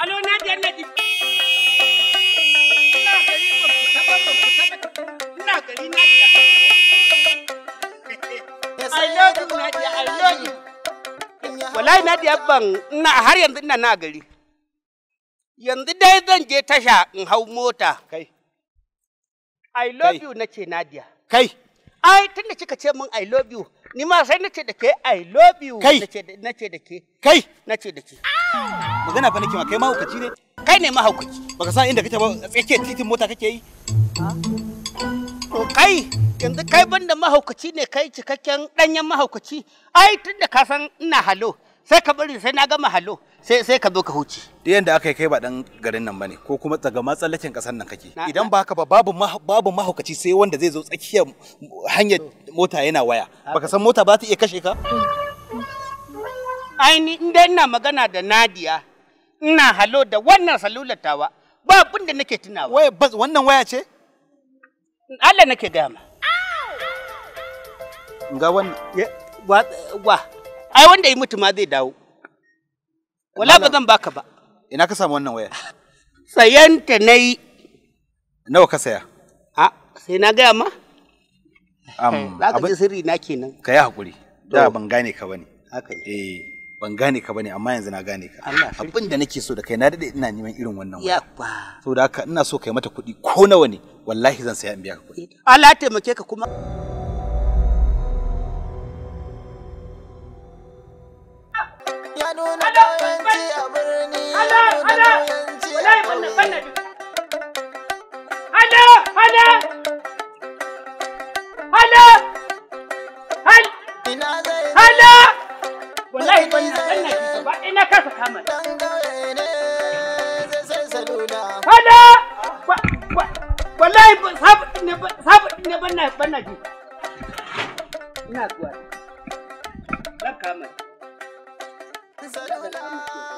Alo Nadia na Ina gari Ina gari Nadia. Nadia, Wallahi Nadia ban ina har yanzu ina na gari. Yanzu dai zan je tasha in hau mota. Kai. I love you nace Nadia. Kai. Ai tunda kika ce min I love you ni ma sai nace da ke i love you nace nace da ke kai nace da ke magana fa nake ma kai hukaci ne kai ne hukaci. baka san inda kake ba tsake titin mota kake yi to kai yanzu kai banda mahaukaci ne kai cikakken danyen mahaukaci ai tunda ka san ina halo sai ka bari sai na gama mahallo sai sai ka zo ka huce duk yanda aka yi kai ba dan garin nan bane ko kuma tsaga matsalacin kasar nan kake idan ba haka ba babu babu mahaukaci sai wanda zai zo tsakiyar hanyar mota yana waya baka san mota ba ta iya kashe ka ni inda ina magana da Nadia ina halo da wannan salular tawa ba abin da nake tunawa waya wannan waya ce Allah nake ma ga wannan wa ai wanda ya mutu ma zai dawo wala ba zan baka ba ina ka samu wannan waya sayanta na yi nawa ka saya a sai na gaya ma eh, za ka ji sirri na kenan ka yi hakuri da ban gane ka bane haka eh ban gane ka bane amma yanzu na gane ka abin da nake so da kai na dade ina neman irin wannan waya saboda haka ina so kai mata kuɗi ko nawa ne wallahi zan saya in biya ka kuɗi Allah taimake ka kuma wannan wannan hada hada hada hada wallahi wannan wannan gaba ina eh, kasa kama hada wallahi sabu ne sabu ne banna banna ji ina zuwa zan kama Thank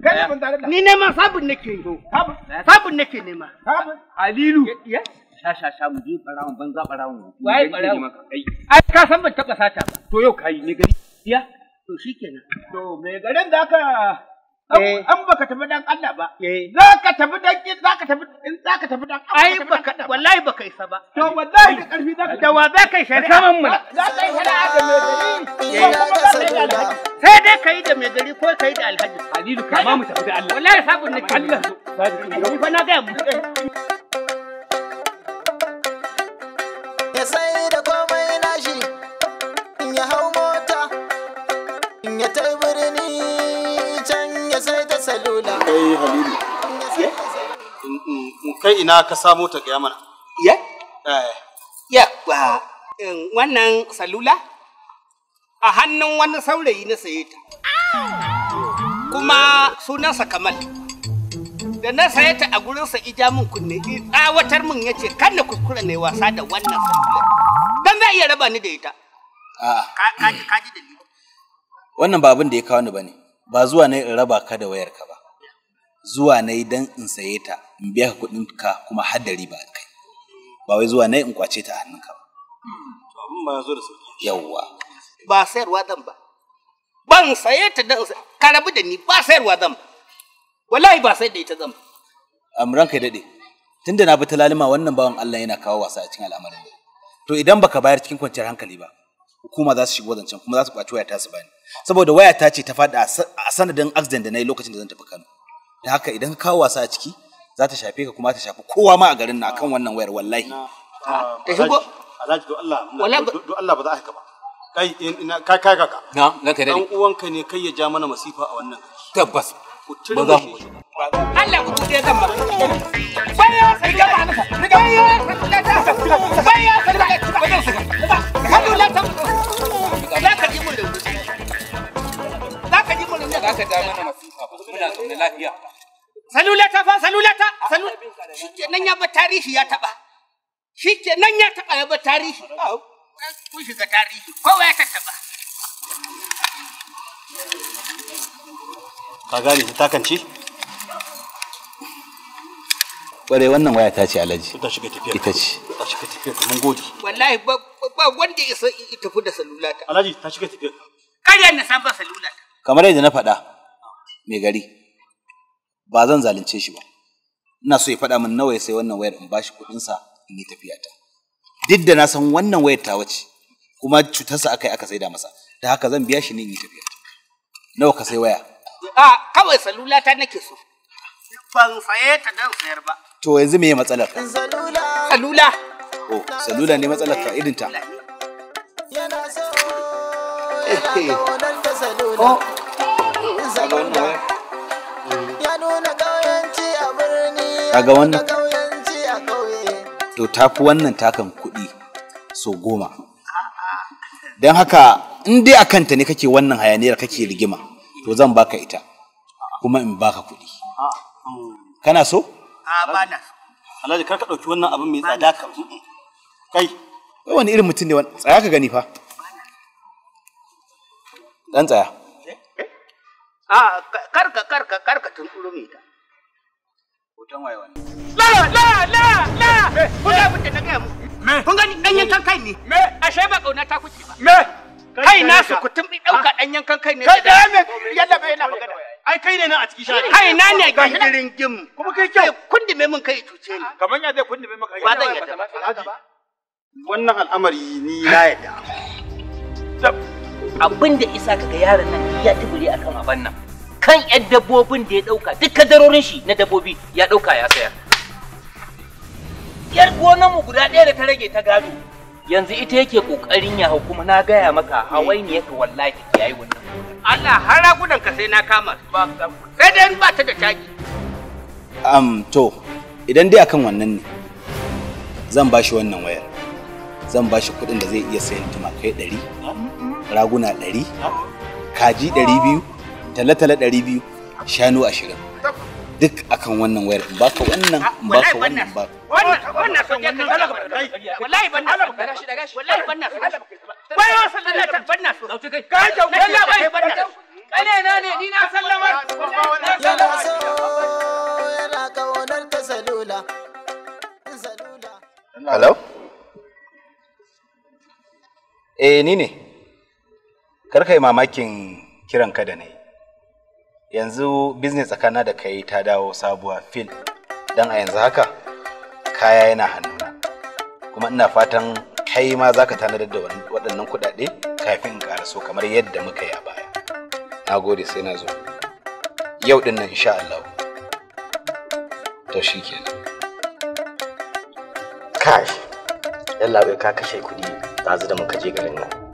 Kai ne ban tare da. Ni neman sabun nake yi. Sabun. Sabun nake nema. Sabun. Halilu. Sha sha sha mu je barawon banza barawon. Waye barawon? Ai ka san ban taba sata ba. To yau kai ne gari. Ya. To shikenan. To me garin da aka Eh. an baka tafi dan Allah ba eh. za ka tafi dan za ka tafi in za ka tafi dan ai baka wallahi baka isa ba to wallahi da karfi za ka da wa za ka yi shari'a kaman mu za ka yi shari'a da mai gari sai dai ka yi da mai gari ko ka yi da alhaji halilu kama mu tafi da Allah wallahi sabon ne Allah sabon ni fa na ga mu halilu eh, kai ina ka samo ta gaya mana ya eh. ya eh, wannan salula a hannun wani saurayi na saye ta kuma sunansa kamal da na saye ta a gurinsa ija mun kunne tsawatar mun yace kan na kuskure ne wasa da wannan salula don za iya raba ni da ita kaji da wannan ba abin da ya kawo ni ba ba zuwa ne in raba ka da wayar ka ba zuwa na yi don in saye ta in biya ka kuɗin ka kuma har da riba kai ba wai zuwa na yi in kwace ta hannun ka ba. ba Yawwa. Ba sayarwa zan ba. Ban saye ta don ka rabu da ni ba sayarwa zan ba. Wallahi ba sayar da ita zan ba. ka kai daɗe. Tunda na bi ta lalima wannan bawan Allah yana kawo wasa a cikin al'amarin. To idan baka bayar cikin kwanciyar hankali ba, hukuma za su shigo zancen kuma za su kwaci waya ta su bani saboda waya ta ce ta faɗi a sanadin accident da na yi lokacin da zan tafi Kano da haka idan ka kawo wasa a ciki za ta shafe ka kuma ta shafi kowa ma a garin na kan wannan wayar wallahi ta ah, shigo alhaji do Allah do a haka ba kai ina ka kai ka na na kai dan uwanka ne kai ya ja mana masifa a wannan tabbas ba za mu Allah ku tuɗe zan ba bayo sai ga ba naka bayo la ta bayo sai ba ba zan su ba hadu la ta la ka ji mun da la ka ji mun da ka ja mana masifa muna zaune lafiya salulata fa salulata ah, shi nan ya bar tarihi ya taba shi kenan ya taba ya bar tarihi ah. kun shiga tarihi kowa ya tattaba ka gane ta kanci kware wannan waya ta ce alaji ta shiga tafiya ita ce ta shiga tafiya mun gode wallahi ba wanda ya san ita tafi da salulata alaji ta shiga tafiya kai na san ba salulata kamar yadda na faɗa mai gari ba zan zalunce shi ba ina so ya faɗa min nawa ya sai wannan wayar in bashi kuɗinsa in yi tafiya ta duk da na san wannan wayar ta wace kuma cutarsa aka yi aka saida masa da haka zan biya shi ne in yi tafiya ta nawa ka sai waya a kawai salula ta nake so ban saye ta dan sayar ba to yanzu me matsalar ka salula oh salula ne matsalar ka irin ta yana so eh, eh. salula oh. kaga wannan to fi wannan takan kuɗi so goma don haka in dai a kanta ne kake wannan hayaniyar kake rigima to zan baka ita kuma in baka kuɗi kana so? a ba alhaji kar ka ɗauki wannan abin mai tsada ka kai wani irin mutum ne wani tsaya ka gani fa ɗan tsaya a karka karka karka tunkuru mai ta hoton waye wani la la la la eh, eh, kun ga mutum na gaya kun gani dan yankan kai ne ashe ba kauna ta kuce ba kai nasu kutum bi dauka dan ah. yankan kai ne kai da me yalla bai yana magana ai kai ne nan a cikin shari'a kai na ne gindirin gim kuma kai kyau kundume min kai cuce ni kaman ya zai kundume maka ba zan yadda ba wannan al'amari ni na yadda abin da isa kaga yaron nan ya a kan abin nan kan yan dabbobin da ya dauka duk kadarorin shi na dabbobi ya dauka ya sayar yar gonan mu guda ɗaya da ta rage ta gado yanzu ita yake kokarin ya hau kuma na gaya maka ne ka wallahi yayi wannan Allah haragunan ka sai na kama sai dai ba ta da taki am to idan dai akan wannan ne zan bashi wannan wayar zan bashi kuɗin da zai iya sayan tumakai ɗari raguna ɗari kaji ɗari biyu talatala ɗari biyu shanu ashirin duk akan wannan wayar ba ka wannan ba ka wannan ba hello eh ni ne kar ka yi mamakin kiranka da na yi yanzu business tsakana da kai ta dawo sabuwa fil don a yanzu haka kaya yana hannuna kuma ina fatan kai ma za ka tanadar da waɗannan kuɗaɗe kafin in so kamar yadda muka yi a baya na gode sai na zo yau ɗin nan insha Allah to shi ke kai yalla bai ka kashe kuɗi ɗazu da muka je garin nan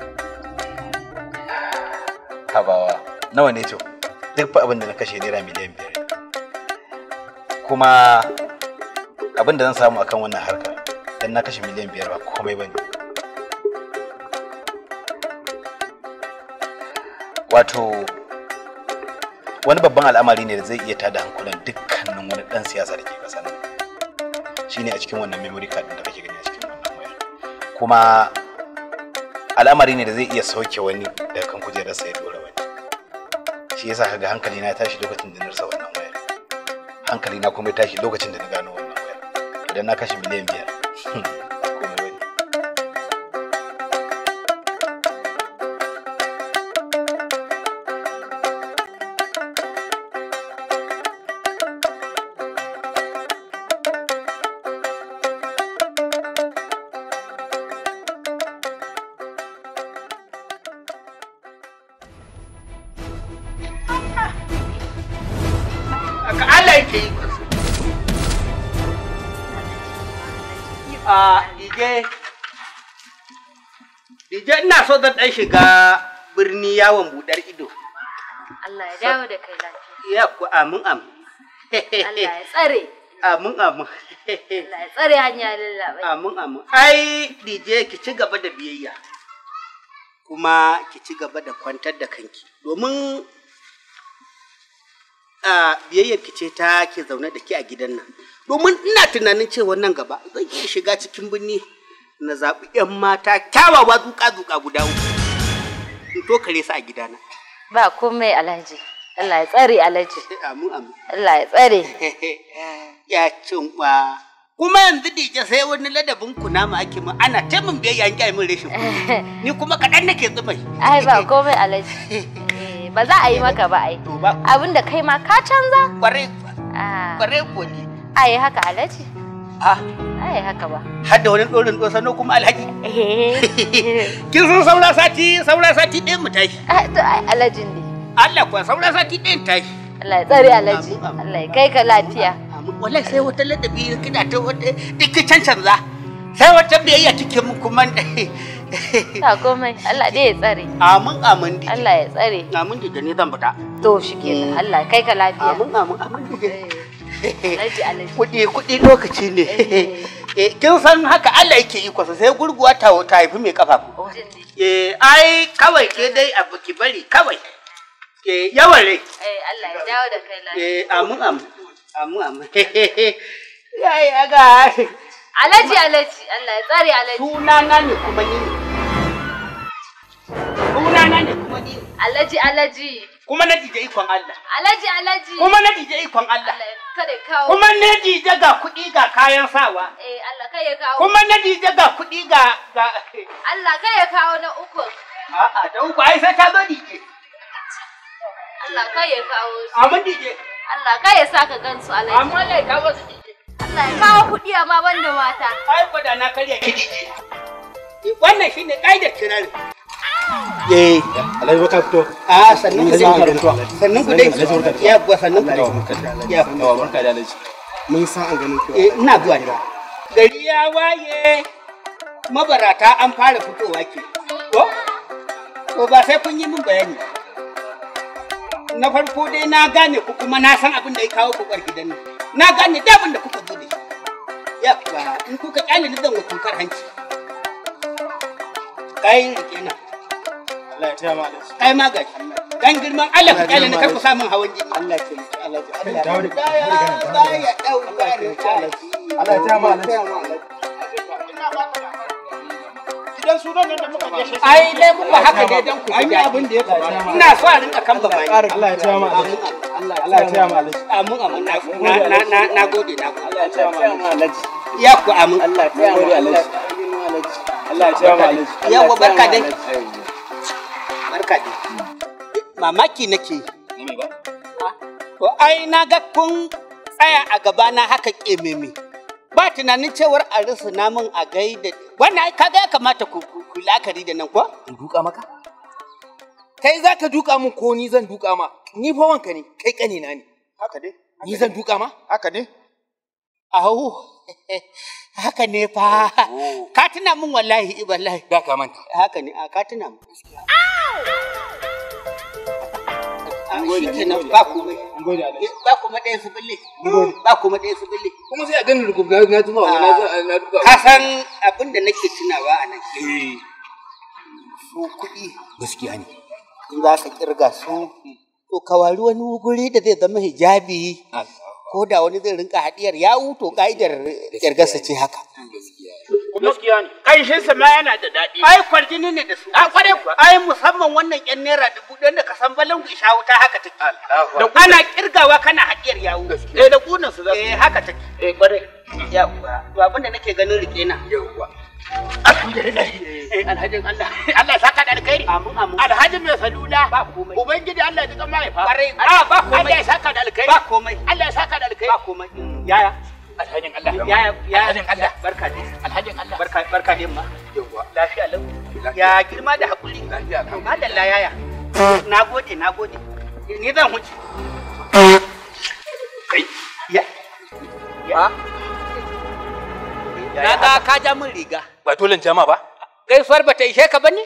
habawa nawa ne to duk fa abin da na kashe naira miliyan biyar kuma abin da zan samu akan wannan harka dan na kashe miliyan biyar ba komai bane wato wani babban al'amari ne da zai iya tada hankulan dukkanin wani dan siyasa da ke kasa nan shine a cikin wannan memory card da kake gani a cikin wannan waya kuma al'amari ne da zai iya sauke wani daga kan kujerarsa ya dora shi yasa kaga hankali na tashi lokacin da na rasa wannan wayar hankali na kuma ya tashi lokacin da na gano wannan wayar idan na kashe miliyan biyar dan shiga birni yawon budar ido. Allah ya dawo da kai lafiya. Ya ku amin amin. Allah ya tsare. Amin amin. Allah ya tsare hanya lallaɓai. Amin amin. Ai DJ ki ci gaba da biyayya. Kuma ki ci gaba da kwantar da kanki. Domin biyayyar ki ce ta ke zaune da ke a gidan nan. Domin ina tunanin cewa nan gaba zan iya shiga cikin birni na zaɓi 'yan mata kyawawa zuƙa-zuƙa guda uku. in to kare su a gidana ba komai alhaji Allah ya tsare alhaji eh, amin amin Allah ya tsare [LAUGHS] ya cinkwa kuma yanzu ke sai wani ladabin kunama ake mun ana ta mun biyayya an kyai min rashin [LAUGHS] ni kuma kaɗan nake shi. ai ba komai alhaji eh, ba za a yi maka ba ai [LAUGHS] abinda kai ma ka canza kware ah. kware ko ni ai haka alhaji Ah. Ai haka ba. Har da wani ɗorin ɗo sano kuma alhaji. Eh. [LAUGHS] Kin san saura sati saura sati ɗin mu tashi. Ah, to ai alhajin ne. Allah kuwa saura sati ɗin tashi. Allah ya tsare alhaji. Allah ya kai ka lafiya. Wallahi sai wata ladabi kina ta wata duk za. Sai wata biyayya kike mun kuma Ta komai, Allah dai ya tsare. Amin amin dije. Allah ya tsare. Amin dije ne zan fita. To shi kenan, eh. Allah kai ka lafiya. Amin amin amin dije. kuɗi kuɗi lokaci ne eh, kin san haka Allah yake iko sai gurguwa ta ta haifi mai kafa eh ai kawai ke dai abu ki bari kawai eh yawan rai eh Allah ya dawo da kai lafiya eh amin amin amin amin [LAUGHS] yayi aga alaji alaji Allah ya tsare alaji sunana ne kuma ni sunana ne kuma ni alaji alaji kuma na dije ikon Allah alaji alaji kuma na dije ikon Allah kuma na dije ga kuɗi ga kayan sawa eh Allah kai ya kawo kuma na dije ga kuɗi ga ga [LAUGHS] Allah kai ya kawo na uku a'a da uku ai sai ta zo dije Allah kai ya kawo mun dije Allah kai ya saka gansu Alhaji. amma lai ka wasu dije Allah ya kawo kuɗi amma banda mata ai ko da na karya ki dije eh, wannan shine kaidar kirari eh ah, alhaji fito sannan sannan san an eh, ina gari ya waye mabarata an fara fitowa ke ko to ba sai kun yi min bayani na farko dai na gane ku kuma na san abin da ya kawo ku bar gidan nan na gane dabin da kuka zo da shi ya ba in kuka kyale ni zan wa tukar hanci kayan rike na Allah ma gashi. Dan girman Allah ka kyale ni kar samun hawan jini. Allah ke Allah ya Allah. Dawo da Allah ya dau Allah ya taya malaji. da muka je Ai lai mu haka dai dan ku ji abin da ya kaji. Ina so a rinka kan baba. Allah ya taya malaji. Allah ya taya malaji. Amin amin na na na gode na gode. Allah ya taya malaji. Ya ku amin. Allah ya taya malaji. Allah ya taya malaji. Yawa barka dai. harka ne. Mamaki nake. ai na ga kun tsaya a gaba na haka Ba tunanin cewar a rasa namun a gaida. Wannan ai kaga ya kamata ku la'akari da nan ko? In duka maka? Kai za ka duka min ko ni zan duka ma. Ni fa wanka ne, kai ƙane na ne. Haka dai. Ni zan duka ma? Haka ne. Ahu, [LAUGHS] haka ne fa. Ka tuna min wallahi iballahi. Eh, da ka manta. Haka ne, ka tuna ba kuma ɗaya su bille ba kuma ɗaya su bille kuma sai a na wa na ah. duka ka san abin da nake tunawa a nan eh. su kuɗi gaskiya ne in za ka kirga su to kawari wani guri da zai zama hijabi ko da wani zai rinka haɗiyar yawu to ka'idar kirgarsa ce haka gaskiya ne kanshin sa ma yana da daɗi ai kwarjini ne da su a ah, kware ai musamman wannan yan naira dubu ɗan da ka san balan ku isha wuta haka take ana kirgawa kana haɗiyar yawo eh da kunan su za su eh haka take eh kware yawa to abin da nake ganin rike na yawa eh. Alhajin Allah. Allah saka da alkhairi. Alhajin mai salula. Ba komai. Ubangiji Allah ya ji mahaifa. Ba komai. Allah ya saka da alkhairi. Ba komai. Allah ya saka da alkhairi. Ba komai. Yaya. alhajin Allah ya ya alhajin Allah barka dai alhajin Allah barka barka dai ma lafiya lau ya girma da hakuri lafiya kan madalla yaya nagode nagode ni zan huce kai ya ya na ga ka ja min riga ba dole jama ba gaisuwar ba ta ishe ka bane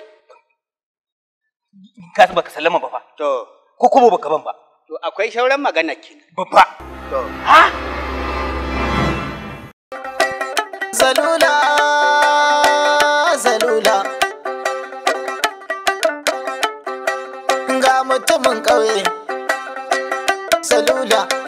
ka ba ka sallama ba fa to ko kuma baka ban ba to akwai shauran magana kenan babba to ha salula salula ga mutumin ƙauye salula